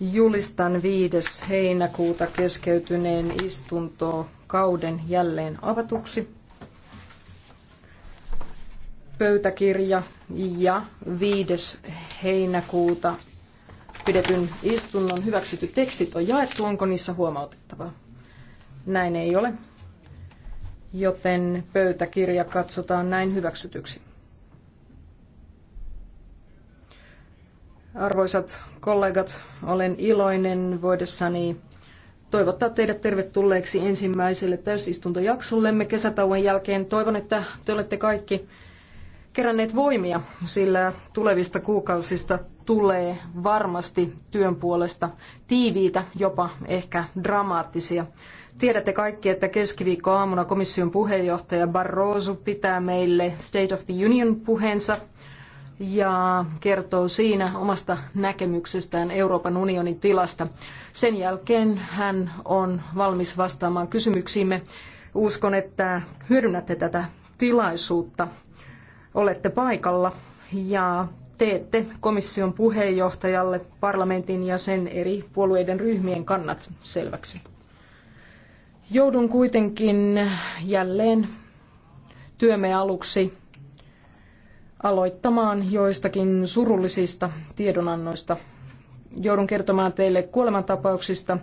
Julistan 5. heinäkuuta keskeytyneen istuntokauden jälleen avatuksi. Pöytäkirja ja 5. heinäkuuta pidetyn istunnon hyväksytty tekstit on jaettu. Onko niissä huomautettavaa? Näin ei ole, joten pöytäkirja katsotaan näin hyväksytyksi. Arvoisat kollegat, olen iloinen voidessani toivottaa teidät tervetulleeksi ensimmäiselle täysistuntojaksollemme kesätauon jälkeen. Toivon, että te olette kaikki keränneet voimia, sillä tulevista kuukausista tulee varmasti työn puolesta tiiviitä, jopa ehkä dramaattisia. Tiedätte kaikki, että keskiviikkoaamuna komission puheenjohtaja Barroso pitää meille State of the Union puheensa – ja kertoo siinä omasta näkemyksestään Euroopan unionin tilasta. Sen jälkeen hän on valmis vastaamaan kysymyksiimme. Uskon, että hyödynnätte tätä tilaisuutta. Olette paikalla ja teette komission puheenjohtajalle parlamentin ja sen eri puolueiden ryhmien kannat selväksi. Joudun kuitenkin jälleen työmme aluksi aloittamaan joistakin surullisista tiedonannoista. Joudun kertomaan teille kuolemantapauksista,